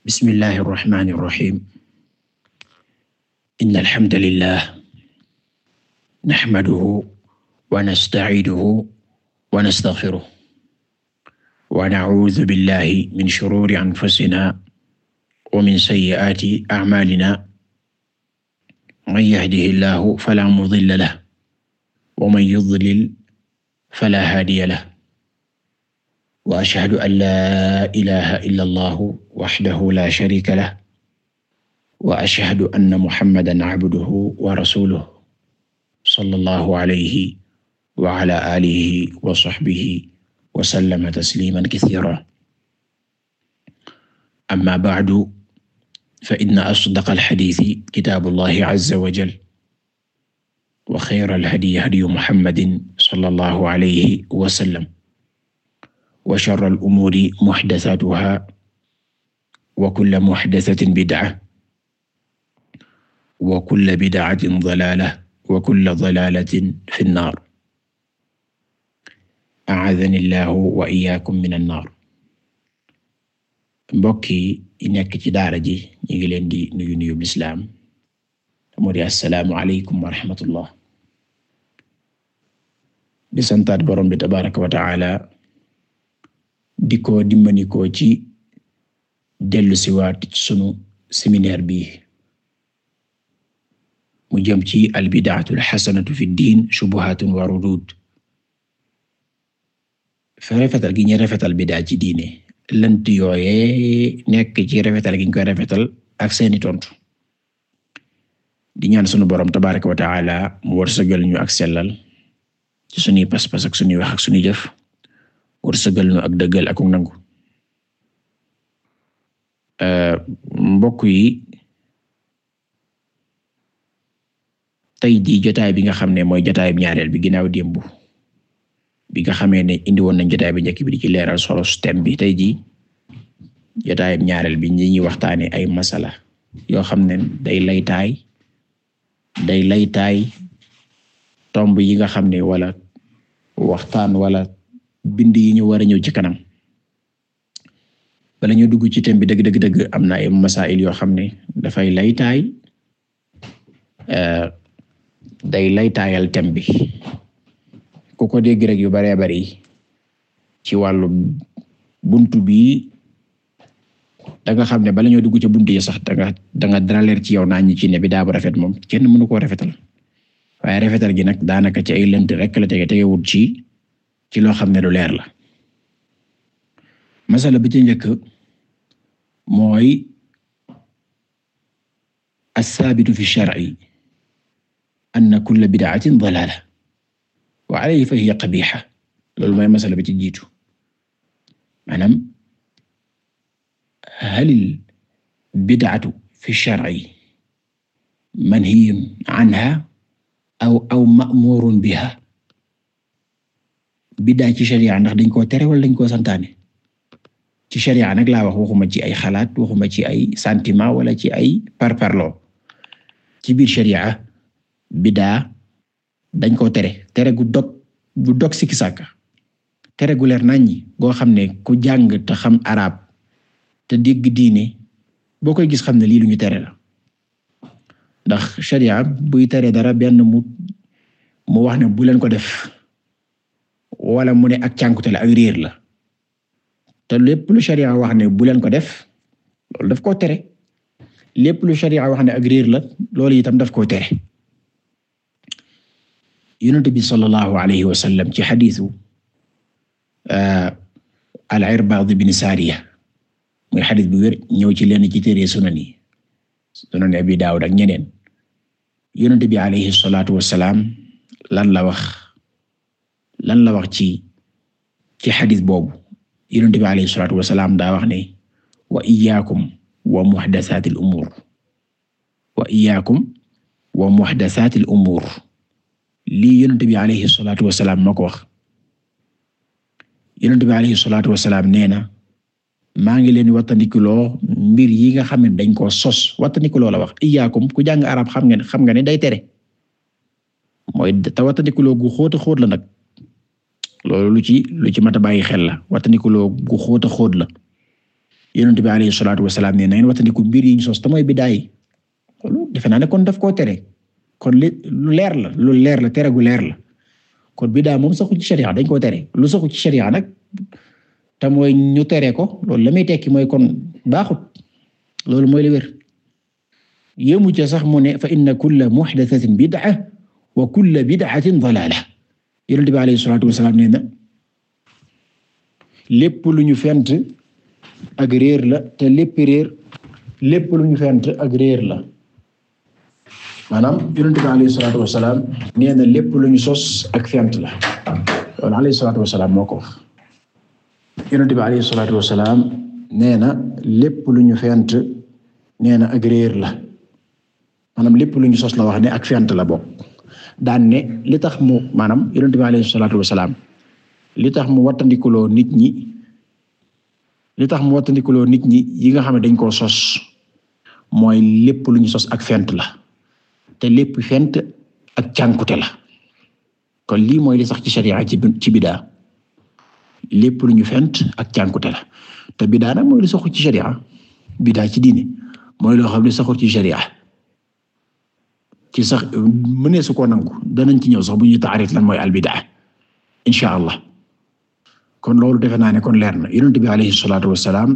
Bismillahir rahmanir rahim. Innal hamdalillah nahmaduhu wa nasta'inuhu wa nastaghfiruh. Wa na'uudhu billahi min shururi anfusina wa min sayyi'aati a'maalina. Man yahdihillahu fala mudilla lahu wa man yudlil fala haadiya lahu. wa ashhadu an laa ilaaha illallahu wahdahu laa shariika lahu wa ashhadu anna muhammadan abduhu wa rasuluhu sallallahu alayhi wa ala aalihi wa sahbihi wa sallama tasliiman kasiiran amma ba'du fa inna asdaqa alhadiisi kitaabullahi azza wa jalla wa xayra alhadyi hadyu muhammadin sallallahu alayhi wa sallam wa sharral umuuri muhdasaatuhaa wa kulla muhdasatin bid'a wa kulla bid'atin dalaala wa kulla dalaalatin fi nnaar a'aadani llaahu wa iyyaakum mina nnaar mbokk yi nekk ci daara ji ñu ngi leen di nuyu nuyu lislaam moo di assalaamu aleykum wa rahmatullah di santaat borom bi tabaaraka wa ta'aala di ko dimbanikoo ci dellu siwaat ci sunu séminaire bi mu jëm ci al bid'atu al xasanatu fi diin shubuhatun wa rudud fa gi ñu rafetal bidaa ci diine lënt yooyee nekk ci rafetal gi koy rafetal ak seeni tontu di ñaan sunu borom tabaraka wa mu war sa jël ñu ak sellal ci sunuy pas-pas ak sunuy wax ak jëf wërsëgal nu ak dëggal ak nangu euh, mbokk yi tey jii jotaay bi nga xam ne mooy jotaay bi ñaareel bi ginnaaw démb bi nga xamee ne indi woon nañ jotaay bi njëkk bi di ci leeral solo thème bi tey jii jotaay bi ñaareel bi ñi ñuy waxtaane ay masala yoo xam ne day laytaay day laytaay tomb yi nga xam ne wala waxtaan wala bind yi ñu war a ñëw ci kanam bala ñu dugg ci thème bi dëgg dëgg dëgg am na ay masail yoo xam ne dafay laytaay eh, day laytaayal thème bi ku ko dégg rek yu baree bari ci wàllu buntu bi danga xam ne bala ñoo dugg ci buntu yi sax da nga dara leer ci yow naa ñi ci ne bi daa bu rafet moom kenn mënu koo rafetal waaye rafetal gi nag daanaka ci ay lënt rek la tege tegewut ci ci loo xam ne lu leer la masala bi ci njëkk mooy as-saabitu fi shar'i anna kulla bid'atin dalaala wa alayhi fa hiya qabiiha loolu mooy masala bi ci jiitu maanaam hal al-bid'atu fi shar'i manhiyyun anhaa aw aw ma'muurun bihaa biddaa ci sharia ndax dañ koo tere wala dañ koo santaane ci sharia nag laa wax waxuma ci ay xalaat waxuma ci ay sentiment wala ci ay parparloo ci biir sharia biddaa dañ koo tere tere gu dog bu dog sikki sàkka tere gu leer naññi goo xam ne ku jàng te xam arab te dégg diine boo koy gis xam ne lii lu ñu tere la ndax sharia buy tere dara benn mu mu wax ne bu leen ko def wala mu ne ak cànkute la ak réer la te lépp lu sharia wax ne bu leen ko def loolu daf koo tere lépp lu sharia wax ne ak réer la loolu itam daf koo tere yonent bi sallallahu alayhi wa sallam ci xadiisu uh, al-Irbaad bin Saariya muy xadiis bu wér ñëw ci leen ci téere sunan yi sunan Abi Daawud ak ñeneen yonent bi alayhi salaatu wa salaam lan la wax. lan la wax ci ci xadis boobu yonent bi alayhi salaam daa wax ne wa iyyakum wa muhdasatil umur wa iyyakum wa muhdasatil umur lii yonent bi alayhi salaatu wa salaam ko wax yonent bi alayhi salaatu wa salaam nee na maa ngi leen wattandikuloo mbir yii nga xam ne dañ koo sos wattandikuloo la wax iyyakum ku jàng arab xam nga ne xam nga ne day tere mooy te wattandikuloo gu xóota xóot la nag. loolu lu ci lu ci mat a bàyyi xel la wattandikuloo gu xóot a xóot la yonent bi alayhi salaatu ne nangeen wattandiku mbir yi ñu sos te mooy bidaay loolu defe naa ne kon daf koo tere kon li lu leer la lu leer la tere leer la kon bidaa moom saxu ci sharia dañ koo tere lu saxu ci sharia nag te mooy ñu tere ko loolu la muy tekki mooy kon baaxut loolu mooy la wér sax mu ne fa inna kulla muhdathatin bid'a wa kulla bid'atin dalalah yonent bi alayhi salaatu wasalaam nee na lépp lu ñu fent ak réer la te lépp réer lépp lu ñu fent ak réer la maanaam yonent bi alayhi salaatu wasalaam nee na lépp lu ñu sos ak fent la loolu alayhi salaatu wasalaam moo ko wax yonent bi alayhi salaatu wasalaam nee na lépp lu ñu fent nee na ak réer la maanaam lépp lu ñu sos la wax ne ak fent la bokk daan ne li tax mu maanaam yonent bi alayhi li tax mu wattandikuloo nit ñi li tax mu wattandikuloo nit ñi yi nga xam ne dañ koo sos mooy lépp lu ñu sos ak fent la te lépp fent ak cànkute la kon lii mooy li sax ci sharia ci ci bidaa lépp lu ñu fent ak cànkute la te bidaa nag mooy li saxul ci sharia bidaa ci diine mooy loo xam ne saxul ci sharia ci sax mënee su koo nangu danañ ci ñëw sax bu ñu ñuy taarif lan mooy albidaa incha allah kon loolu defe naa ne kon leer na yonent bi alayhi salaatu wassalaam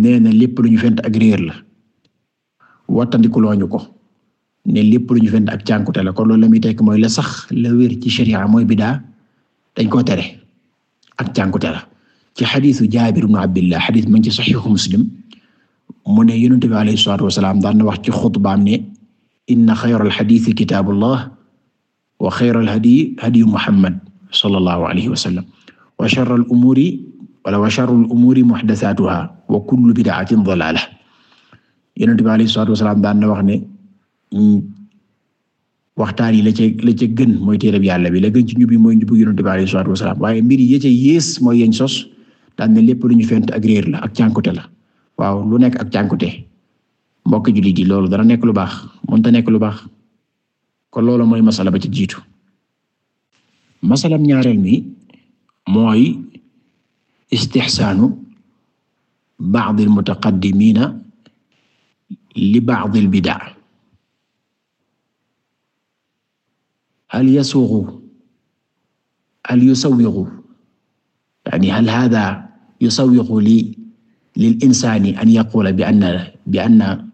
nee na lépp lu ñu fent ak réer ko ne lu ñu fent ak cànkute la kon loolu la muy tekk mooy la sax la wér ci sharia mooy bidaa dañ koo tere ak cànkute la ci xadiisu Jaabir ibn Abdillah xadiis mu ngi ci saxiixu Muslim mu ne yonent bi alayhi salaatu wassalaam wax ci xutbaam ne inna xayral xadiisi kitaabullah wa xayral hadyi hadyu wa sallam wa sharral wala wa sharrul umuuri muhdasaatuhaa wa kullu bid'atin dalaala Yonent bi alayhi salaatu wa daan na wax ne waxtaan yi la ca la ca gën mooy téereb Yàlla bi la gën ci njub mooy njubu Yonent bi alayhi salaatu salaam waaye mbir yi ca yées mooy yéen sos daan na lépp lu ñu fent ak réer la ak cànkute la waaw lu nekk ak cànkute mbokk jullit yi loolu dana nekk lu baax. mënta nekk lu baax kon loolu mooy masala ba ci jiitu masalam ñaareel mi mooy istixsaanu ba'd al-mutaqaddimiina li ba'd al-bida' hal yasuuqu hal yusawwiqu yani hal haadha yusawwiqu li lil an yaquula bi anna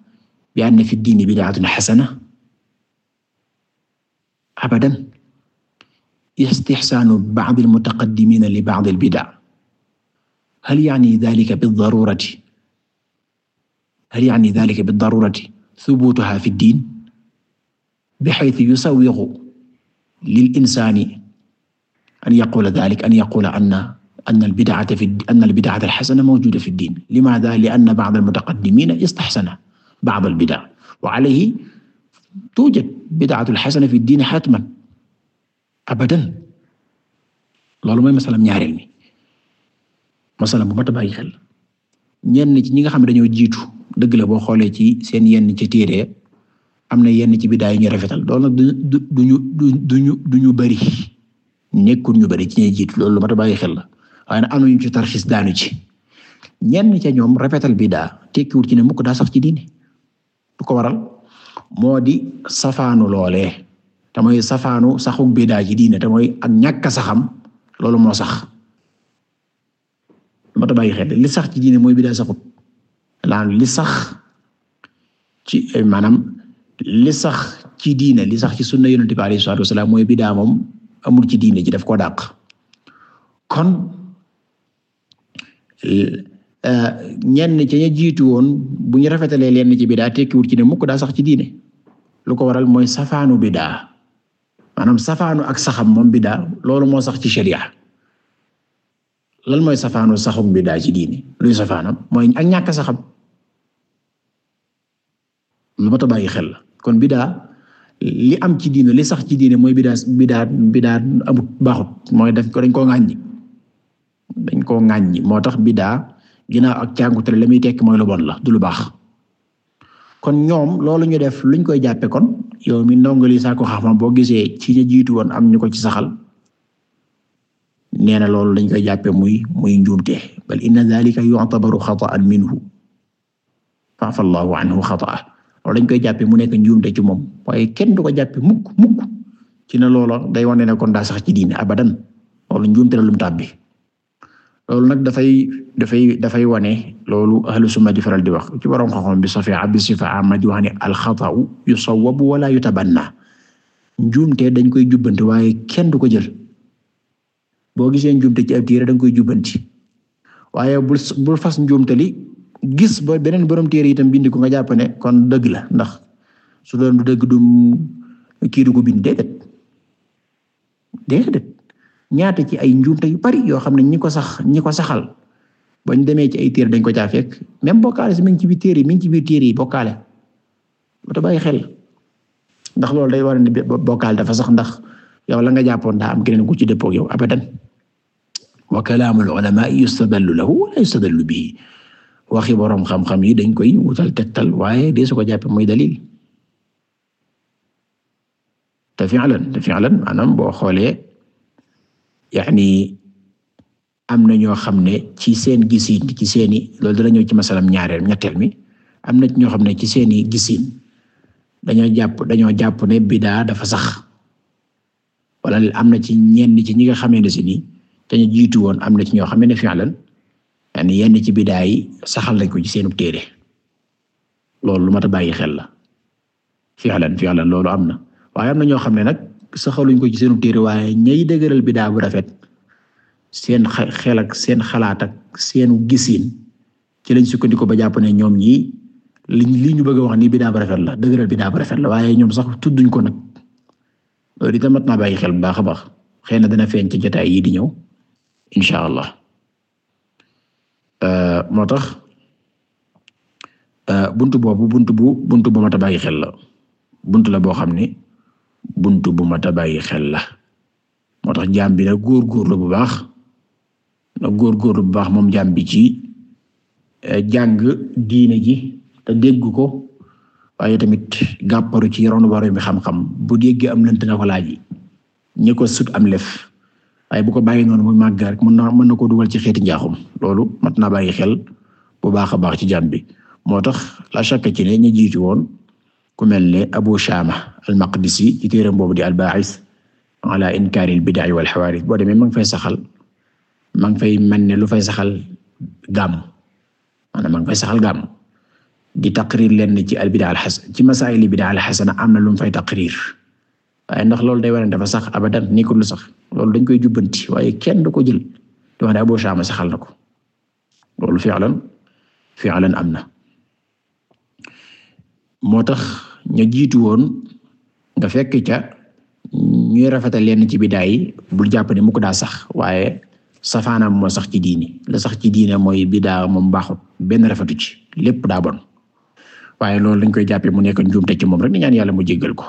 بأن في الدين بدعة حسنة أبدا استحسان بعض المتقدمين لبعض البدع هل يعني ذلك بالضرورة هل يعني ذلك بالضرورة ثبوتها في الدين بحيث يسوغ للإنسان أن يقول ذلك أن يقول أن أن البدعة في أن البدعة الحسنة موجودة في الدين لماذا؟ لأن بعض المتقدمين استحسنها بعض البدع وعليه توجد بدعة fi في الدين حتما abadan loolu mooy masalam ñaareel mi masalam bu mat a bàyyi xel ñenn ci ñi nga xam ne dañoo jiitu dëgg la boo xoolee ci seen yenn ci am na yenn ci biddaa yi ñu rafetal loolu nag du duñu duñu duñu bari nekkul ñu bari ci jiitu loolu lu bàyyi xel la waaye nag am na ñu ci tarxis daanu ci ñenn ca ñoom rafetal bidaa tekkiwul ci ne mukk daa sax ci diine du ko waral moo di safaanu loole te safaanu saxu bidaa ji diine te mooy ak ñàkk saxam loolu moo sax moo tax xel li sax ci diine mooy bidaa saxut laan li sax ci eh, maanaam li sax ci diine li sax ci sunna yonent bi alayhi salaatu wasalaam mooy bidaa moom amul ci diine ji daf koo dàq kon ñenn ca jiitu woon bu ñu rafetalee lenn ci bidaa tekkiwul ci ne mukk daa sax ci diine lu ko waral mooy safaanu bidaa maanaam safaanu ak saxam moom bidaa loolu moo sax ci sharia lan mooy safaanu saxum bidaa ci diine luy safaanam mooy ak ñàkk saxam lu ma bàyyi xel la kon bidaa li am ci diine li sax ci diine mooy bidaa bidaa bidaa amut baaxut mooy daf ko dañ koo ŋàññi dañ koo ŋàññi moo tax bidaa ginnaaw ak càngute la muy tekki mooy lu bon la du lu baax kon ñoom loolu ñu def luñ koy jàppe kon yow mi ndongali saako xam-xam boo gisee ci ñu jiitu woon am ñu ko ci saxal nee na loolu lañ koy jàppe muy muy njuumte bal inna dhalika yu'tabaru xata'an minhu fa'fa Allahu anhu xata'a loolu lañ koy jàppe mu nekk njuumte ci moom waaye kenn du ko jàppe mukk mukk ci ne loola day wane ne kon daa sax ci diine abadan loolu njuumte la lum bi loolu nag dafay dafay dafay wane loolu ahlu sunna di faral di wax ci borom xam-xam bi safi abdi sifa ama di wax ne alxata'u yu wala yutabanna njuumte dañ koy jubbanti waaye kenn du ko jël boo gisee njuumte ci ab téere dañ koy jubbanti waaye bul bul fas njuumte li gis ba beneen borom téere itam bind ko nga jàpp ne kon dëgg la ndax su doon du dëgg du kii du ko bind déedéet déedéet ñaata ci ay njuumte yu bari yoo xam ne ñi ko sax ñi ko saxal bañ demee ci ay téere dañ ko caa fekk même bokkaale si mi ngi ci biir téere yi mi ngi ci biir yi bokkaale ba te xel ndax loolu day war ne bokkaale dafa sax ndax yow la nga jàppoon daa am keneen ku ci dëppoo ak yow abadan wa kalaamul ulamaa yustadallu lahu wa laa yustadallu bihi waxi boroom xam-xam yi dañ koy wutal tegtal waaye de su ko jàppe muy dalil te fi'lan te fi'lan maanaam boo xoolee yani am na ñoo xam ne ci seen gisiin ci seeni loolu dana ci masalam ñaareel ñetteel mi am na ñoo xam ne ci seeni gisiin dañoo jàpp dañoo jàpp ne bidaa dafa sax wala am na ci ñenn ci ñi nga xamee ne si nii dañu jiitu woon am na ci ñoo xamee ne fi'lan yani yenn ci bidaa yi saxal lañ ko ci seenu téere loolu lu mat a bàyyi xel la fi'lan fi'lan loolu am na waaye am na ñoo xam ne nag saxaluñ koy ci seenu téere waaye ñay dëgëral bidaa bu rafet seen xel ak seen xalaat ak seenu gisiin ci lañ sukkandiku ba jàpp ne ñoom ñii li li ñu bëgg a wax nii bidaa bu rafet la dëgëral bidaa bu rafet la waaye ñoom sax tudduñ ko nag loolu itam mat naa bàyyi xel bu baax a baax xëy na dana feeñ ci jotaay yi di ñëw insha allah euh, moo tax euh, buntu boobu buntu bu buntu bu mat a bàyyi xel la buntu la boo xam ni buntu bu mat a bàyyi xel la moo tax jaam bi na góorgóorlu bu baax na góorgóorlu bu baax moom jaam bi ci eh, jàng diine ji te dégg ko waaye tamit gàpparu ci ronu baro mi xam-xam bu déggee am lënt na ko laaj ñi ko sut am lef waaye bu ko bàyyi noonu muy màgg rek mën na mën na ko dugal ci xeeti njaaxum loolu mat naa bàyyi xel bu baax a baax ci jaam bi moo tax la chaque ci ne ñu jiitu woon ku mel ne Abu Shama al-Maqdisi ci boobu di al-Ba'ith ala inkaar al-bid'a wal hawaadith boo demee ma ngi fay saxal ma ngi fay mel ne lu fay saxal gàmm maanaam ma ngi fay saxal gàmm di taqrir leen ci al-bid'a al-hasana ci masaa'il al-bid'a al-hasana am na lu mu fay taqrir waaye ndax loolu day wane dafa sax abadan nekkul lu sax loolu dañ koy jubbanti waaye kenn du ko jël di wax ne Abu Shama saxal na ko loolu fi'lan fi'lan am na. moo tax ña jiitu woon nga fekk ca ñu rafetal lenn ci bidaa yi bul jàpp ne mu ko daa sax waaye safaanam moo sax ci diini la sax ci diine mooy bidaa moom baaxut benn rafetu ci lépp daa bon waaye loolu dañ koy jàppee mu nekk njuumte ci moom rek di ñaan yàlla mu jéggal ko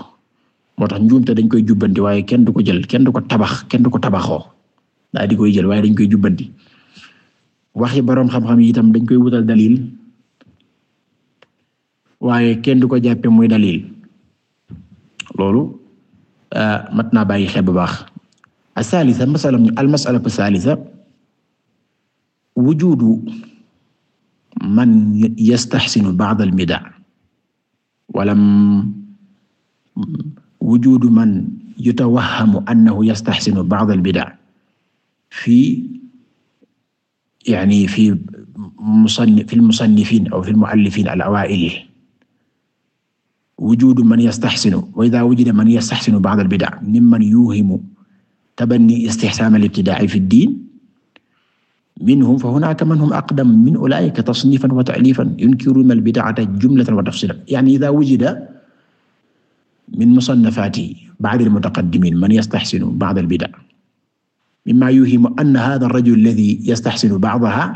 moo tax njuumte dañ koy jubbandi waaye kenn du ko jël kenn du ko tabax kenn du ko tabaxoo daa di koy jël waaye dañ koy jubbanti waxi boroom xam-xam yi itam dañ koy wutal dalil waaye kenn du ko jàppe muy dalil loolu ah, mat naa bàyyi xel bu baax asalisa masala almasalatu salisa wujudu man yastaxsinu ba'd albidaa walam wujudu man yutawahamu annahu yastaxsinu ba'd albidaa fi yani fi musannif fi almusannifin aw fi almuallifin alawaa'il wujudu man yastaxsinu wa idaa wujida man yastaxsinu ba'da al-bida' mimman yuuhimu tabanni istixsaan al-ibtidaa'i fi ad-diin minhum fa hunaaka man hum aqdam min ulaa'ika tasniifan wa ta'liifan yunkiruuna al-bida'ata jumlatan wa tafsiilan ya'ni idaa wujida min musannafaati ba'da al-mutaqaddimiin man yastaxsinu ba'da al-bida' mimmaa yuuhimu anna haadha ar-rajul alladhii yastaxsinu ba'dahaa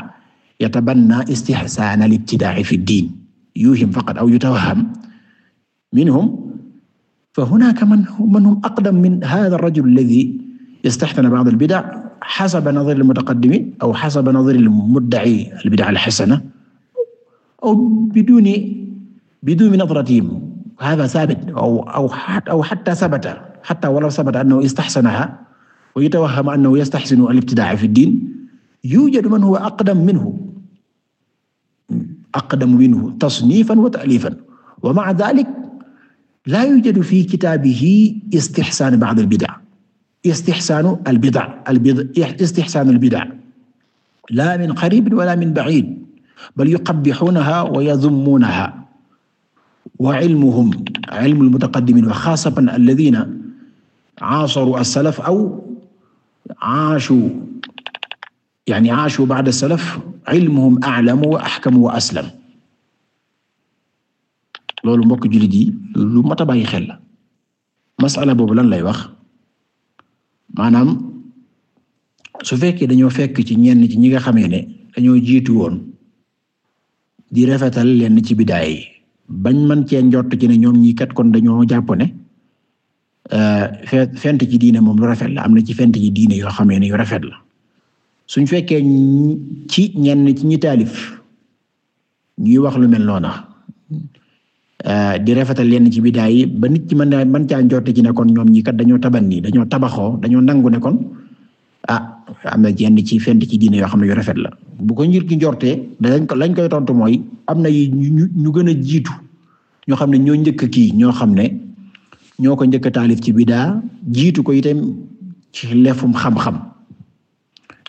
yatabannaa istixsaan al-ibtidaa'i fi ad-diin yuuhim faqat aw yutawahham منهم فهناك من من هم أقدم من هذا الرجل الذي يستحسن بعض البدع حسب نظر المتقدمين أو حسب نظر المدعي البدع الحسنة أو بدون بدون نظرتهم هذا ثابت أو أو أو حتى ثبت حتى ولو ثبت أنه استحسنها ويتوهم أنه يستحسن الابتداع في الدين يوجد من هو أقدم منه أقدم منه تصنيفا وتأليفا ومع ذلك laa yujadu fi kitaabihi istixsaanu ba'd al-bida' istixsaanu al-bida' al-bida' istixsaanu al-bida' laa min qariib wala min ba'iid bal yuqabbixuunahaa wa yadummuunahaa wa ilmuhum ilmu al-mutaqaddimiin wa xaasatan alladiina caasaruu as-salaf aw caashuu ya'ni caashuu ba'da as-salaf ilmuhum a'lamu wa axkamu wa aslam loolu mbokk jullit yi lu mat a bàyyi xel la masala boobu lan lay wax maanaam su fekkee dañoo fekk ci ñenn ci ñi nga xamee ne dañoo jiitu woon di rafetal lenn ci bidaay yi bañ man cee njott ci ne ñoom ñii kat kon dañoo jàppoo ne euh, fent ci diine moom lu rafet la am na ci fent ci diine yoo xamee ne yoo rafet la suñ fekkee ci ñenn ci ñi taalif ñuy wax lu mel noona Eh, di rafetal lenn ci bidaa yi ba nit ci mën naa mën caa njorte ci ne kon ñoom ñi kat dañoo taban nii dañoo tabaxoo dañoo nangu ne kon ah am na jenn ci fent ci diine yoo xam ne yoo rafet la. bu ko njir ki njortee dañ ko lañ koy tontu mooy am na ñu ñu gën a jiitu ñoo xam ne ñoo njëkk kii ñoo xam ne ñoo ko njëkk taalif ci bidaa jiitu ko itam ci lefum xam-xam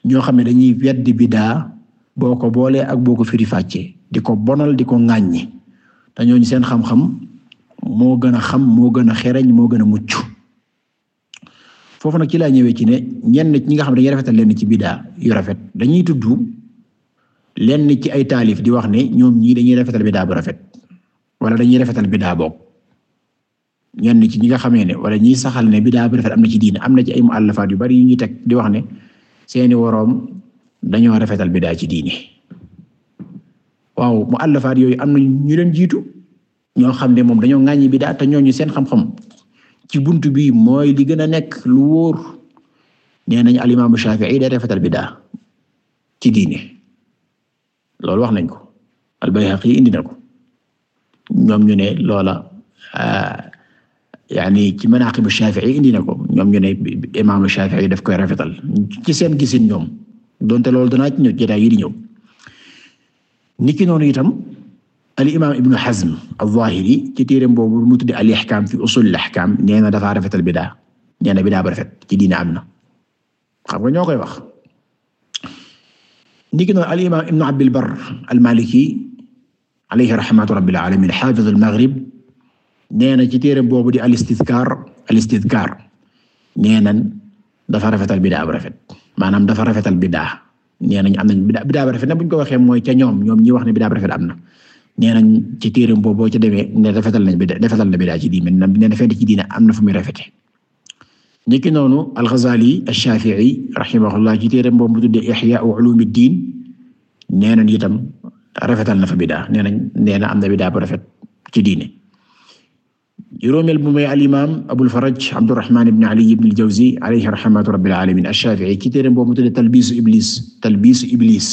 ñoo xam ne dañuy wet di bidaa boo ko boolee ak boo ko firi fàccee di ko bonal di ko ñi te ñooñu seen xam-xam moo gën a xam moo gën a xereñ moo gën a mucc foofu na ci laa ñëwee ci ne ñenn ñi nga xam ne dañuy rafetal lenn ci bidaa yu rafet dañuy tudd lenn ci ay taalif di wax ne ñoom ñii dañuy rafetal bidaa bu rafet wala dañuy rafetal bidaa boog ñenn ci ñi nga xamee ne wala ñiy saxal ne bidaa bu rafet am na ci diine am na ci ay muallafaat yu bari yu ñuy teg di wax ne seeni woroom dañoo rafetal bidaa ci diine. waaw mu àllafaat yooyu am na ñu leen jiitu ñoo xam ne moom dañoo ŋàññi bidaa te ñooñu seen xam-xam ci buntu bi mooy li gën a nekk lu wóor nee nañu alimaamu Shaafi'i day rafetal bidaa ci diine loolu wax nañ ko al-Bayhaqi indi na ko ñoom ñu ne loola yaani ci manaaqibu Shaafi'i indi na ko ñoom ñu ne imaamu Shaafi'i daf koy rafetal ci seen gisin ñoom donte loolu danaa ci ñëw jotaay yi di ñëw. niki noonu itam al imaam Ibn Hazm al-Zahiri ci téereem boobu mu tudde al-Ihkam fi usul al-Ihkam nee na dafa rafetal bidaa nee na bidaa ba rafet ci diin am na xam nga ñoo koy wax. niki noonu al imaam Ibn Abd al-Barr al-Maliki alayhi rahmatu rabbil alamin hafiz al-Maghrib nee na ci téereem boobu di al-Istidhkar al-Istidhkar nee na dafa rafetal bidaa ba rafet maanaam dafa rafetal bidaa. nee nañ am nañ bida bidaa bu rafet na bu ñu ko waxee mooy ca ñoom ñoom ñi wax ne bidaa bu rafet am na nee nañ ci téeram boobu boo ca demee ne nañ bidaa rafetal na bidaa ci diine na ne rafet ci diine am na fu muy rafete niki noonu al-Ghazali ash-Shafi'i rahimahullah ci téeram boobu mu tuddee Ihya Ulumuddin nee nañ itam rafetal na fa bidaa nee nañ nee na am na bidaa bu rafet ci diine juróomeel bu may al-imaam Abul Faraj Abdurrahman ibn Ali ibn al-Jawzi alayhi rahmatu rabbil alamin ash-Shafi'i ci téereem boobu mu tudde talbiisu iblis talbiisu iblis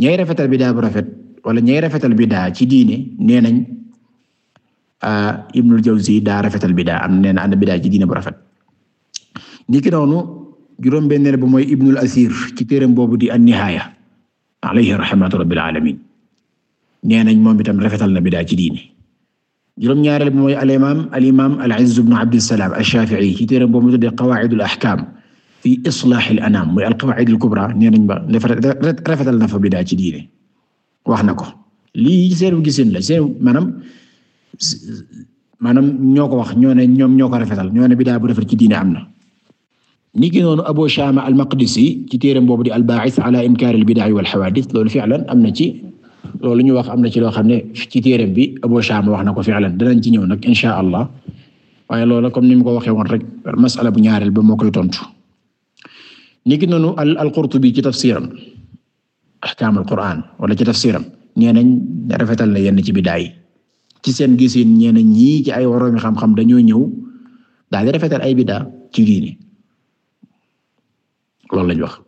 ñay rafetal bidaa bu rafet wala ñay rafetal bidaa ci diine nee nañ Ibnul Jawzi daa rafetal bidaa am nee na ànd bidaa ci diine bu rafet niki noonu juróom-benneel bu mooy Ibnul Asir ci téereem boobu di an-Nihaaya alayhi rahmatu rabbil alamin nee nañ moom itam rafetal na bidaa ci diine juróom-ñaareel bi mooy al imaam al imaam al Izz ibn Abdissalaam ash-Shaafi'i ci téere boobu mu tuddee Qawaa'idul Ahkaam fi Islaah al Anaam mooy al Qawaa'idul Kubraa nee nañ ba rafetal na fa bidaa ci diine wax na ko lii seen gisin la seen maanaam maanaam ñoo ko wax ñoo ne ñoom ñoo ko rafetal ñoo ne bidaa bu rafet ci diine am na. ni ki aboo Abu Shaama al ci téere boobu di al-Baa'is ala inkaar al bidaa wal hawaadis loolu fi'lan am na ci. loolu ñu wax am na ci loo xam ne ci téere bi Abu Shama wax na ko fi'lan danañ ci ñëw nag insha allah waaye loola comme ni mu ko waxee woon rek masala bu ñaareel ba moo koy tontu. niki noonu al al-Qurtubi ci tafsiram ahkaam al-Qur'an wala ci tafsiram nee na rafetal na yenn ci bidaa yi ci seen gisin ñee nañ ñii ci ay woroomi xam-xam dañoo ñëw daal di rafetal ay bidaa ci diini loolu lañ wax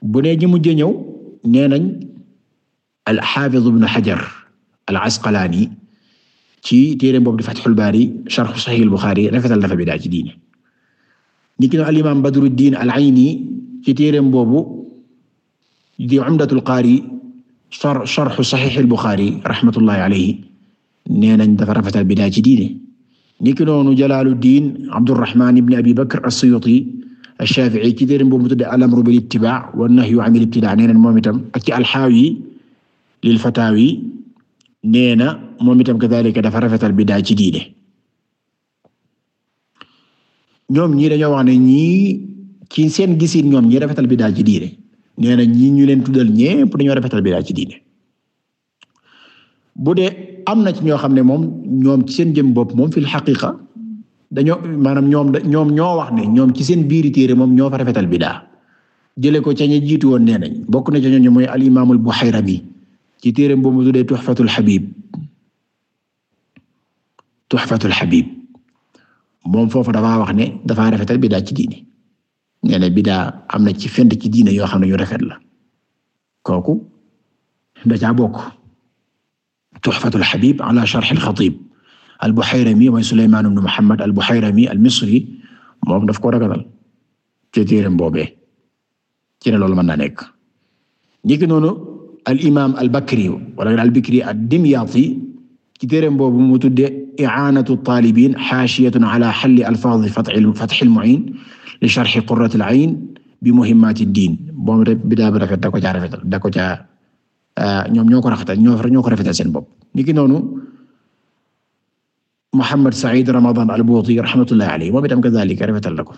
bu nee ñi mujj ñëw al-Hafiz ibn Hajar al-Asqalani ci téere boobu di Fathul Bari sharh Sahih al-Bukhari rafetal dafa bidaa ci diine ni ki al-Imam Badruddin al-Ayni ci téere boobu di Umdatul Qari sharh Sahih al-Bukhari rahmatullahi alayhi nee nañ dafa rafetal bidaa ci diine ni ki noonu Jalaluddin Abdurrahman ibn Abi Bakr as-Suyuti al-Shafi'i ci téere boobu tudd al-Amru bil-ittiba' wan-nahyu 'an al-ibtida' nee nañ moom itam ak ci al-Hawi lil Fatawi nee na moom itam kadhalika dafa rafetal bidaa ci diine ñoom ñii dañoo wax ne ñii ci seen gisin ñoom ñi rafetal bidaa ci diine nee ñii ñu leen tuddal ñépp dañoo rafetal bidaa ci diine bu dee am na ci ñoo xam ne moom ñoom ci seen jëm bopp moom fil xaqiqa dañoo maanaam ñoom ñoom ñoo wax ne ñoom ci seen biiri téere moom ñoo fa rafetal bidaa jële ko ca jiitu woon nee nañ bokk na ca ñooñu mooy al imaamul ci téereem boobu mu tuddee Tuhfatul Habib Tuhfatul Habib moom foofu dafaa wax ne dafaa rafetal bidaa ci diini nee na bidaa am na ci fent ci diine yoo xam ne yu rafet la kooku da caa bokk Tuhfatul Habib ala sharh al-Khatib al-Buhayrami mooy Sulaymaan ibn Muhammad al-Buhayrami al-Misri moom daf ko ragal ci téereem boobee ci ne loolu mën na nekk al imaam al bakri wala al bikri ad-Dimyaati ci téereem boobu mu tudde i'aanatu taalibiin haashiyatun ala halli alfaaz fath al-mu'iin li sharh qurrat al-'ayn bi muhimmaati ad-diin moom rek bidaa bi rafet da ko caa rafetal da ko caa euh, ñoom ñoo ko rafetal ñoo ko rafetal seen bopp niki noonu Muhammad Saïd Ramadan al-Buuti rahmatullahi alayhi moom itam kazaalika rafetal na ko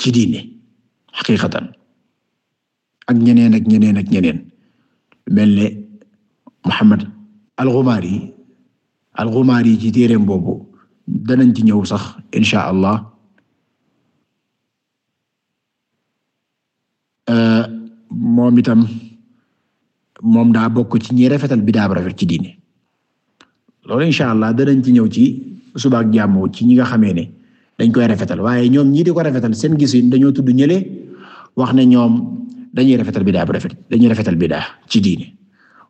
ci diine haqiiqatan ak ñeneen ak ñeneen ak ñeneen mel ne Muhammad al-Ghumari al-Ghumari ci téereem boobu danañ ci ñëw sax insha allah euh, moom itam moom daa bokk ci ñi rafetal bidaa bu rafet ci diine loolu insha allah danañ ci ñëw ci suba ak jàmm ci ñi nga xamee ne dañ koy rafetal waaye ñoom ñii di ko rafetal seen gis yi dañoo tudd ñële wax ne ñoom dañuy rafetal bidaa bu rafet dañuy rafetal bidaa ci diine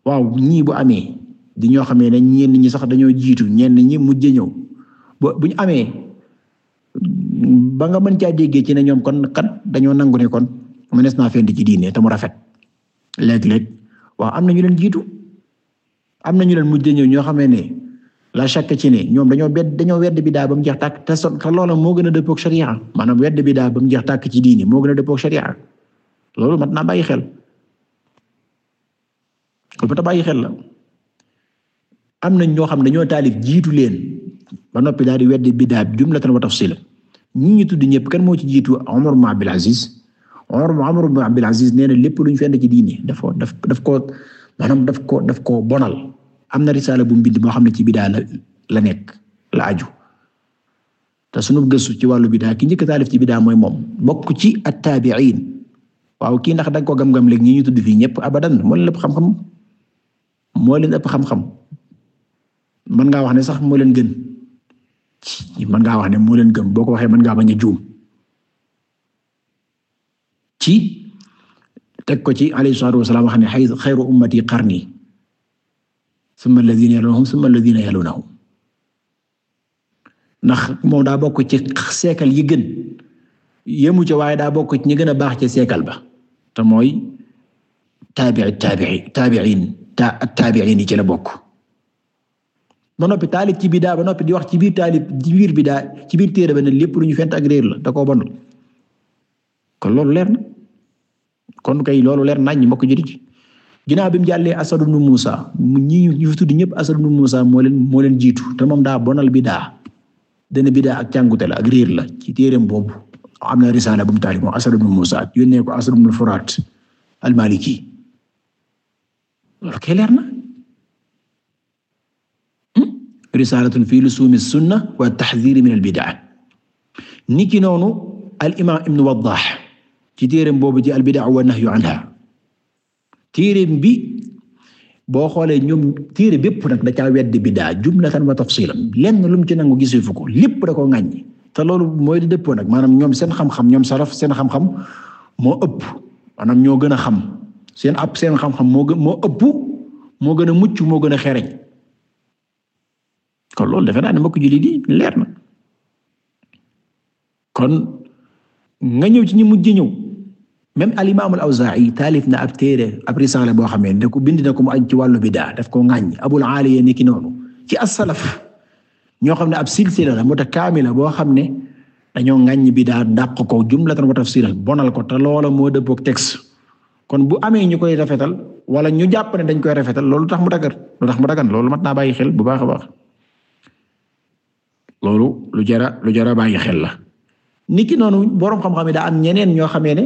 waaw ñii bu amee di ñoo xamee ne ñenn ñi sax dañoo jiitu ñeen ñenn ñii mujj ñëw bu ñu amee ba nga mën caa déggee ci ñoom kon kat dañoo nangu ne kon mënees naa fendi ci diine te mu rafet léeg-léeg waaw am na ñu leen jiitu am na ñu leen mujj ñëw ñoo xamee ne la chaque ci ne ñoom dañoo bedd dañoo wedd bidaa ba mu jeex tàkk te so te loola moo gën a dëppook sharia maanaam wedd bidaa ba mu jeex tàkk ci diine moo gën a dëppook sharia loolu mat naa bàyyi xel lu mat bàyyi xel la am na ñoo xam ne ñoo taalif jiitu leen ba noppi daal di weddi bidaa jumlatan wa tafsila ñi ñu tudd ñëpp kan moo ci jiitu Omar ibn Abdul Aziz Omar lépp lu ñu fend ci diini dafa daf daf koo maanaam daf ko daf koo bonal am na risaala bu mbind moo xam ne ci bidaa la nekk la aju te sunu gëstu ci wàllu bidaa ki njëkk taalif ci bidaa mooy moom bokk ci at-taabi'iin waaw kii ndax danga ko gam-gam léegi ñi ñu tudd fii ñëpp abadan moo leen ëpp xam-xam moo leen ëpp xam-xam mën ngaa wax ne sax moo leen gën mën ngaa wax ne moo leen gëm boo ko waxee mën nga bañ a juum ci teg ko ci alayhi salaatu wasalaam wax ne xayru ummati qarni summa alladhina yalunahum summa alladhina yalunahum ndax moom daa bokk ci seekal yi gën yemu ca waaye daa bokk ci ñi gën a baax ca siècle ba te mooy taabii taabii taabiin ta taabiin yi ci la bokk ba noppi taalib ci bidaa ba noppi di wax ci biir taalib ci biir bidaa ci biir téere ba ne lépp lu ñu fent ak réer la loolu leer na loolu leer nañ ñi mbokk jurit ginnaaw bi mu jàllee Asadu nu Muusa ñi ñu fi ñëpp Asadu nu Muusa moo leen moo leen jiitu te moom daa bonal bidaa dana bidaa ak càngute la ak réer la ci téereem boobu am na risaala bu mu taalif moom Asad ibn Musa yónnee ko Asad ibn Furaat al-Maliki loolu kay leer na hmm? risaalatun fi lusuumi sunna wa taxdiiri min al-bid'a niki noonu al-imaam Ibn Waddaax ci téereem boobu ji al wa nahyu anha téereem bi boo xoolee ñoom téere bépp na da caa weddi bid'a jumlatan wa tafsilan lenn lu mu ci nangu gisu ko lépp da ko ŋàññi te loolu mooy di dëppoo nag maanaam ñoom seen xam-xam ñoom saraf seen xam-xam moo ëpp maanaam ñoo gën a xam seen ab seen xam-xam moo gën moo ëpp moo gën a mucc moo gën a xereñ kon loolu defe naa ne mbokk jullit yi leer na kon nga ñëw ci ñi mujj ñëw même al imaam al Awzaa'i taalif na ab téere ab risaala boo xamee ne ko bind na ko mu aju ci wàllu bidaa daf ko ŋàññ Abul Aaliya nekki noonu ci as-salaf ñoo xam ne ab silsila la mutakaamila boo xam ne dañoo ŋàññ bidaa dàq ko jumlatan wa tafsilan bonal ko te loola moo de dëppook texte kon bu amee ñu koy rafetal wala ñu jàpp dañ koy rafetal loolu tax mu dagan lu tax mu dagan loolu mat naa bàyyi xel bu baax a baax loolu lu jara lu jara bàyyi xel la niki noonu boroom xam-xam yi daa am ñeneen ñoo xamee ne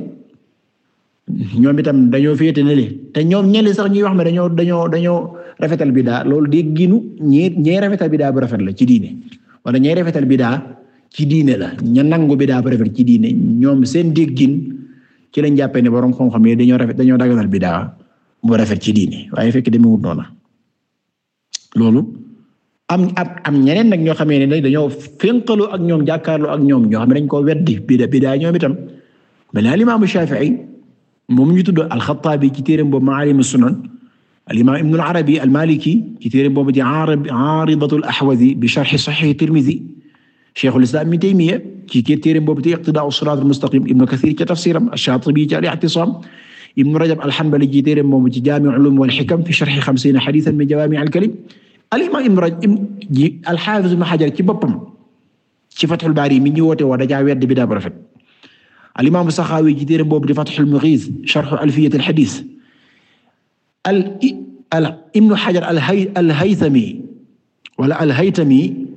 ñoom itam dañoo féete ne te ñoom ñeli sax ñuy wax ne dañoo dañoo rafetal bidaa loolu dee ginu ñee ñee rafetal bidaa bu rafet la ci diine wala ñee rafetal bidaa ci diine la ña nangu bidaa bu rafet ci diine ñoom seen déggin ci lañ jàppee ne borom xam yi dañoo rafet dañoo daganal bidaa bu rafet ci diine waaye fekk demee wut noona loolu am am ñeneen nag ñoo xamee ne dañoo fénqaloo ak ñoom jàkkaarloo ak ñoom ñoo xam ne dañ koo weddi bida bidaa ñoom itam balaa Imaamu Shaafi'i moom ñu tudd al-Xattaabi ci téereem boobu Maalimu Sunan al-imaam Ibn al-Arabi al-Maliki ci téere boobu di Aaridatu al-Ahwazi bi sharh Sahih Tirmidhi Sheikhul Islaam Ibn Taymiyya ci téere boobu di Iqtidaa'u as-Siraatal Mustaqiim Ibn Kathiir ci tafsiiram Ash-Shaatibi ci al-I'tisaam Ibn Rajab al-Hanbali ci téere boobu ci Jaami' al-Uluum wal-Hikam fi sharh xamsiina hadiisan min Jawaami' al-Kalim al-imaam Ibn Rajab al-Haafiz Ibn Hajar ci boppam ci Fathul Baari mi ñu woote woo dajaa wedd bi daa rafet al-imaam as-Saxaawi ci téere boobu di Fathul Mughiith sharh Alfiyyat al-Hadiis al al ibnu xajar al haytami wala al haytami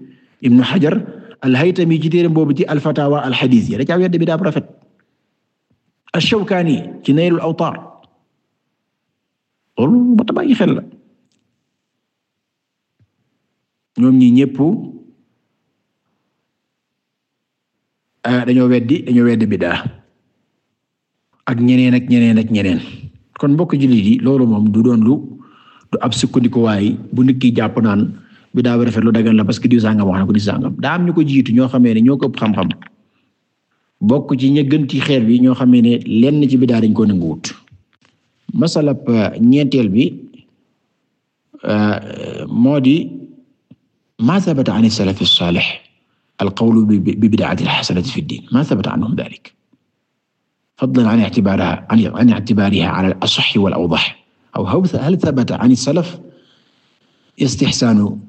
ibnu xajar al haytami ci téeram boobu ci al fatawa al xadiis ya da caa wedd bi daa rafet al shawkaani ci naylul awtaar loolu ba xel la ñoom ñi ñëpp ah, dañoo weddi dañoo weddi bidaa ak ñeneen ak ñeneen ak ñeneen kon bokk mbokk jullit yi loolu moom du doon lu du ab sukkandikuwaay bu nit jàpp naan bi daa war a lu dagan la parce que diw sangam wax na ko diw sangam daa am ñu ko jiitu ñoo xamee ne ñoo ko ëpp xam-xam bokk ci ña gën ci xeer bi ñoo xamee ne lenn ci bidaa dañ ko nanguwut. masalab ñeenteel bi euh, moo di ma sabata an salaf as-salih al-qawl bi bid'ati al-hasanati fi ad ma sabata anhum dhalik فضلا عن اعتبارها عن اعتبارها على الأصح والأوضح أو هل ثبت عن السلف استحسان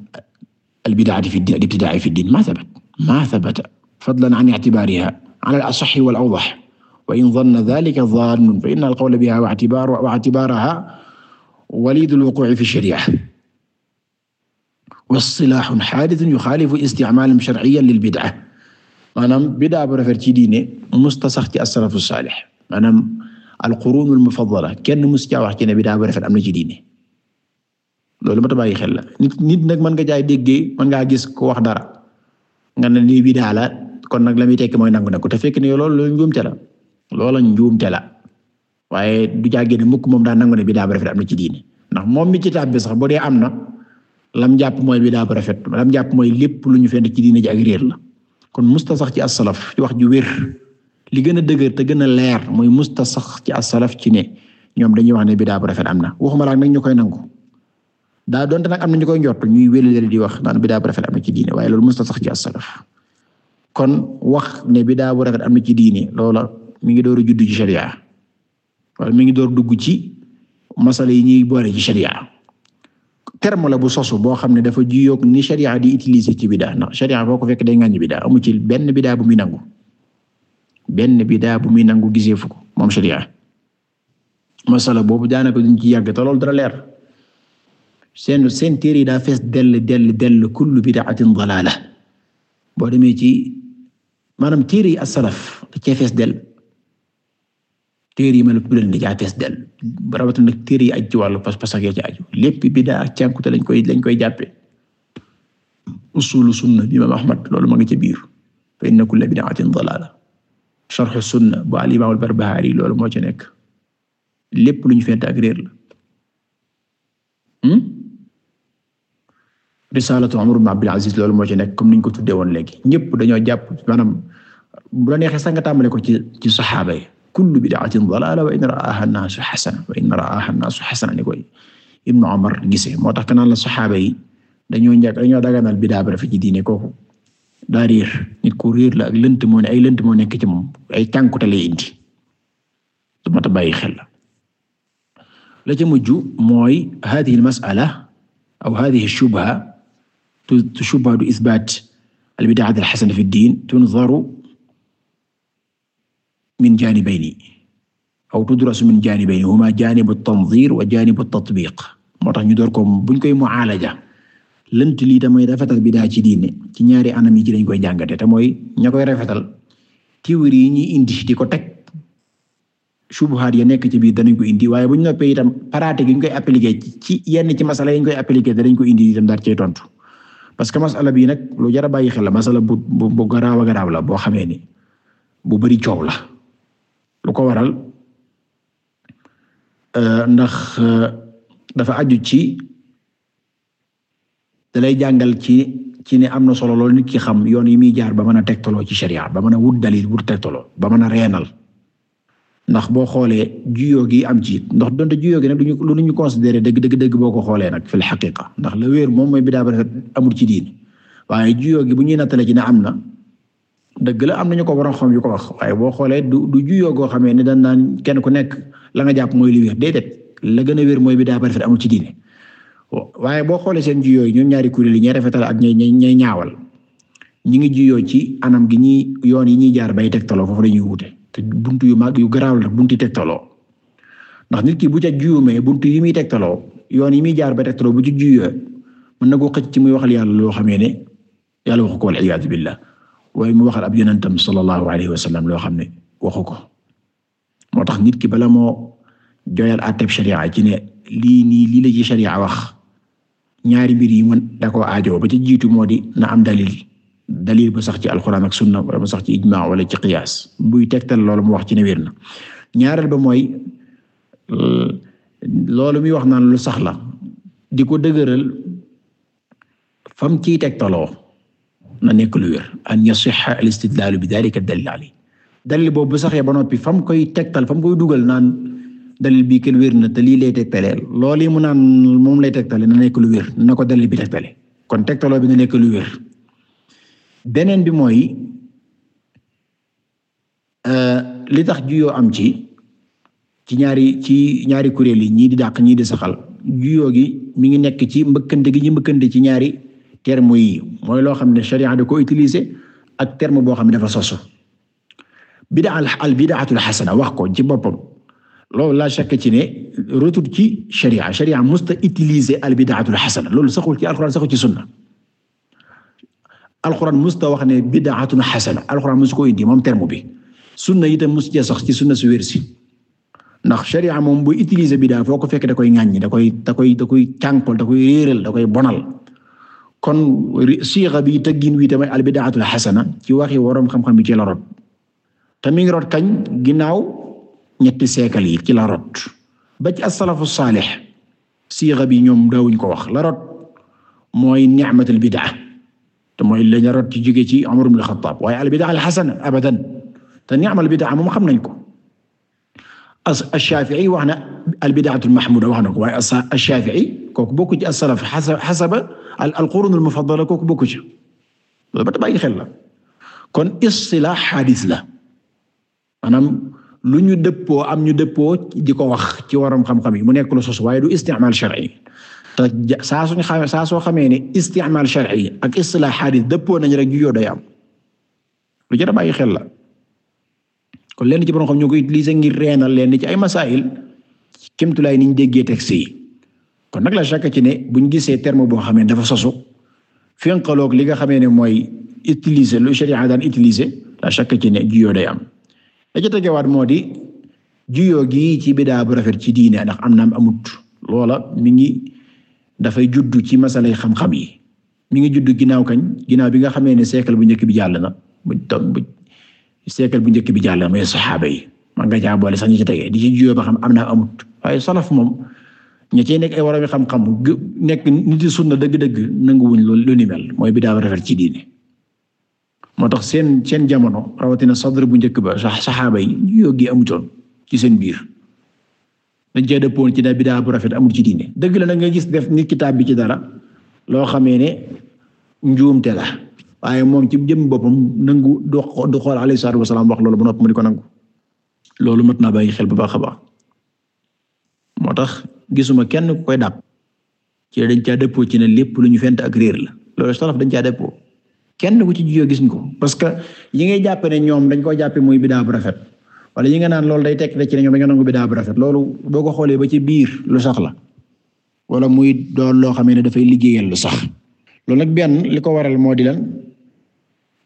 البدعة في الدين الابتداع في الدين ما ثبت ما ثبت فضلا عن اعتبارها على الأصح والأوضح وإن ظن ذلك ظان فإن القول بها واعتبار واعتبارها وليد الوقوع في الشريعة واصطلاح حادث يخالف استعمالا شرعيا للبدعة maanaam bidaa bu rafet ci diine musta sax ci as-salafu saalih maanaam al-quruunul mufaddala kenn mus caa wax cine ne bidaa bu rafet am na ci diine loolu ma ta bàyyi xel la nit nag mën nga jaay déggee man ngaa gis ko wax dara nga ne lii bidaa la kon nag la muy tekki mooy nangu ne ko te fekk ne loolu loolu njuumte la loola njuumte la waaye du jaagee ne mukk moom daa nangu ne bidaa bu rafet am na ci diine ndax moom mi ci tàbbi sax bo dee am na lam jàpp mooy bidaa bu rafet lam jàpp mooy lépp lu ñu fent ci diine ji ak réer la kon musta sax ci asalaf ci wax ju wér li gën a dëgër te gën a leer mooy musta sax ci asalaf ci ne ñoom dañuy wax ne bidaa bu rafet am na waxuma la na ñu koy nangu daa donte nag am na ñu koy njort ñuy wéli di wax naan bidaa bu rafet am na ci diine waaye loolu musta sax ci asalaf kon wax ne bidaa bu rafet am na ci diine loola mi ngi door a juddu ci sharia wala mi ngi door dugg ci masala yi ñuy boole ci sharia terme la bu sosu boo xam ne dafa jiyoog ni sharia di utiliser ci biddaa ndax sharia boo ko fekk day ngàññi biddaa amu ci benn biddaa bu muy nangu benn biddaa bu muy nangu gisee fu ko moom sharia masala boobu daanaka duñ ci yàgg te loolu dara leer seen seen yi daa fees dell dell dell kullu bid'atin dalaala boo demee ci maanaam téere yi as-salaf cee fees dell téere yi mel ne kuréel dañuy fees dell rawatina nag téere yi aju ci wàllu pas-pas ak ya ci aju lépp bidaa ak cànkute lañ koy lañ koy jàppe usulu sunna bi imaam Ahmad loolu moo ngi ca biir fa inna kulla bid'atin dalaala sharh sunna bu al imaam al-Barbahari loolu moo ci nekk lépp lu ñu fent ak réer la hmm? risalatu Umar ibn Abdul Aziz loolu moo ci nekk comme niñ ko tuddee woon léegi ñëpp dañoo jàpp bu la neexee sax nga tàmbale ko ci ci saxaaba yi kullu bid'atin dalaala wa in ra'aaha an-naasu xasana wa in ra'aaha xasana ni koy Ibnu Umar gisee moo tax kanaan la saxaaba yi dañoo njàkk dañoo daganal bid'a ba fi ci diine kooku daa réer la ak lënt moo ne ay moo nekk ci moom ay cànkute lay indi su mata bàyyi xel la la ca mujj mooy hadihi al-mas'ala aw hadihi ash isbaat al-bid'ah al fi ad-diin min jaanibayni aw tudrasu min jaanibayni huma jaanibu tanzir wa jaanibu tatbiq moo tax ñu door ko buñ koy mu'alaja lënt lii te mooy rafetal bidaa ci diine ci ñaari anam yi ci lañ koy jàngate te mooy ña koy rafetal tiwir yi ñuy indi di ko teg subuhaat ya nekk ci biir danañ ko indi waaye bu ñu noppee itam pratique gi ñu koy appliquer ci yenn ci masala yi ñu koy appliquer danañ ko indi itam daal cay tontu parce que masala bii nag lu jar a bàyyi xel la bo bu bu garaaw a garaaw boo xamee ni bu bari coow la. lu ko waral euh, ndax euh, dafa aju ci dalay jàngal ci ci ne am na solo loolu nit ki xam yoon yi muy jaar ba mën a tegtaloo ci sharia ba mën a wut dalil wut tegtaloo ba mën a reenal ndax boo xoolee juyoo gi am ci ndax donte juyoo gi nag duñu lu ñu considéré dëgg dëgg dëgg boo ko xoolee nag fil xaqiqa ndax la wéer moom mooy bidaa ba amul ci diin waaye juyoo gi bu ñuy nattale ci ne am na dëgg la am nañu ko waroon xam yu ko wax waaye boo xoolee du du juyoo goo xamee ne dañ naan kenn ku nekk la nga jàpp mooy li wér déedéet la gën a wér mooy bi daa rafet amu ci diine waaye boo xoolee seen juyoo yi ñoom ñaari kuréel yi ñay rafetal ak ñay ñay ñaawal ñi ngi juyoo ci anam gi ñi yoon yi ñuy jaar bay tegtaloo foofu dañuy wute te buntu yu mag yu garaaw la buntu tegtaloo ndax nit ki bu ca mais buntu yi muy tegtaloo yoon yi muy jaar ba tegtaloo bu ci juyoo mën na ko xëcc ci muy waxal yàlla loo xamee ne yàlla waxu ko wal iyaadu billah waaye mu waxal ab yonentam sallallahu alayhi wa sallam loo xam ne waxu ko moo tax nit ki bala moo jooyal àtteb sharia ci ne lii nii lii la ci sharia wax ñaari mbir yi mën da koo aajoo ba ci jiitu moo di na am dalil dalil ba sax ci alxuraan ak sunna wala ba sax ci ijmaa wala ci qiyaas buy tegtal loolu mu wax ci ne wér na ñaareel ba mooy loolu muy wax naan lu sax la di ko dëgëral fam ciy tegtaloo na nekk lu wér an yasiha al istidlaalu bi dalika dalil alayhi dalil boobu bu saxee ba noppi fam koy tegtal fam koy dugal naan dalil bii kenn wér na te lii lay tegtalee loolu yi mu naan moom lay tegtale na nekk lu wér na ko dalil bi tegtale kon tegtaloo bi na nekk lu wér beneen bi mooy euh, li tax juyoo am ci ci ñaari ci ñaari kuréel yi ñii di dàq ñii di saxal juyoo gi mu ngi nekk ci mbëkkante gi ñu mbëkkante ci ñaari terme yi mooy loo xam ne sharia da ko utilisé ak terme boo xam ne dafa soso bida al bidaatul xasana wax ko ci boppam loolu laa shakk ci ne retour ci sharia sharia musta utiliser al bidaatul xasana loolu saxul ci alquran saxul ci sunna alquran musta wax ne bidaatun xasana alquran musu ko indi moom terme bi sunna itam mus cee sax ci sunna su wér si ndax sharia moom bu utiliser bidaa foo ko fekk da koy ŋàññi da koy ta koy da koy cànkol da koy réeral da koy bonal kon siixa bi teggin wi tamit al bid'atul xasana ci waxi waroom xam-xam bi ci la rot te mi ngi kañ ginnaaw ñetti seekal yi ci la rot ba ci as-salafu saalix bi ñoom daawuñ ko wax la rot mooy ni'matul bid'a te mooy lañ rot ci jóge ci Umar ibn al-Xattaab waaye al bid'a al xasana abadan te ni'mal bid'a moom xam nañ ko as-Shaafi'i wax na al bid'atul mahmuda wax na ko waaye as-Shaafi'i kooku bokku ci as-salaf xasaba al alqurunul mufaddala kooku bokku ko loolu ba ta bàyyi xel la kon istilaax xadis la maanaam lu ñu dëppoo am ñu dëppoo di ko wax ci waram xam-xam yi mu nekk lu sos waaye du istimaal shar'i te saa suñu xamee saa soo xamee ne istimaal shar'i ak istilaax xadis dëppoo nañ rek juyoo day am lu jar a bàyyi xel la kon lenn ci borom xam ñu ko utilisé ngir reenal lenn ci ay masail kimtulaay niñ déggee texte yi kon nag la chaque ci ne bu buñ gisee terme boo xam ne dafa sosu fénqaloog li nga xamee ne mooy utiliser lu sharia daan utiliser la chaque ci ne juyoo day am da ca tegewaat moo di juyoo gi ci bidaa bu rafet ci diine ndax am naam amut loola mi ngi dafay juddu ci masalay xam-xam yi mi ngi juddu ginnaaw kañ ginnaaw bi nga xamee ne siècle bu njëkk bi jàll na bu bu siècle bu njëkk bi jàll na mooy saxaaba yi man nga caa boole sax ñu ci tegee di ci juyoo ba xam am naa amut waaye salaf moom ña cey nekk ay waroom xam-xam nekk nit yi sunna dëgg-dëgg nanguwuñ loolu lu ni mel mooy bidaa rafet ci diine moo tax seen seen jamono rawatina sadr bu njëkk ba saxaaba yi ñu yóggi amutoon ci seen biir dañ cee dëppoon ci daa bidaa bu rafet amul ci diine dëgg la na nga gis def nit kitaab bi ci dara loo xamee ne njuumte la waaye moom ci jëm boppam nangu du du xool alayhi salaatu wasalaam wax loolu ba noppi mu di ko nangu loolu mat naa bàyyi xel bu baax a baax moo tax gisuma kenn ku koy dàq ci dañ caa dëppoo ci ne lépp lu ñu fent ak réer la loolu solof dañ caa dëppoo kenn ku ci jiyoo gisuñ ko parce que yi ngay jàppe ñoom dañ koo jàppe muy bidaa bu rafet wala yi nga naan loolu day tekk ci ne ñoom dañoo nangu bidaa bu loolu boo ko xoolee ba ci biir lu sax la wala muy doo loo xamee ne dafay liggéeyal lu sax loolu nag benn li ko waral moo di lan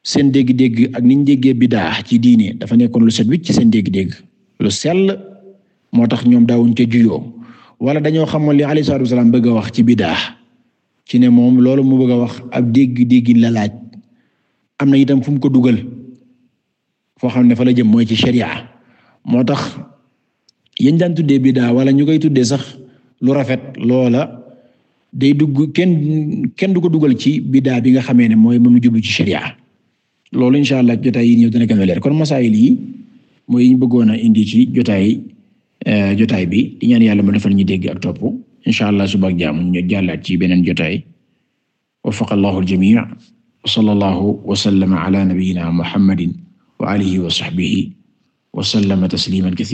seen dégg-dégg ak niñ déggee bidaa ci diine dafa nekkoon lu set wicc ci seen dégg-dégg lu sell moo tax ñoom daawuñ ca juyoo wala dañoo xamoon li alayhi salaatu wasalaam bëgg a wax ci bidaa ci ne moom loolu mu bëgg a wax ab dégg-déggin la laaj am na itam fu mu ko dugal foo xam ne fa la jëm mooy ci sharia moo tax yéen daan tuddee bidaa wala ñu koy tuddee sax lu rafet loola day dugg kenn kenn du ko dugal ci bidaa bi nga xamee ne mooy moom jublu ci sharia loolu incha allah jotaay yi ñëw dana gën a leer kon masaayil yi mooy yi ñu bëggoon a indi ci jotaay Euh, jotaay bi di ñaan yàlla mu defal ñu dégg ak topp incha suba ak jaamu ñu jàllaat ci beneen jotaay wafaqa allahu aljamii wa sallallahu wa sallama ala nabiyyina muhammadin wa alihi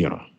wa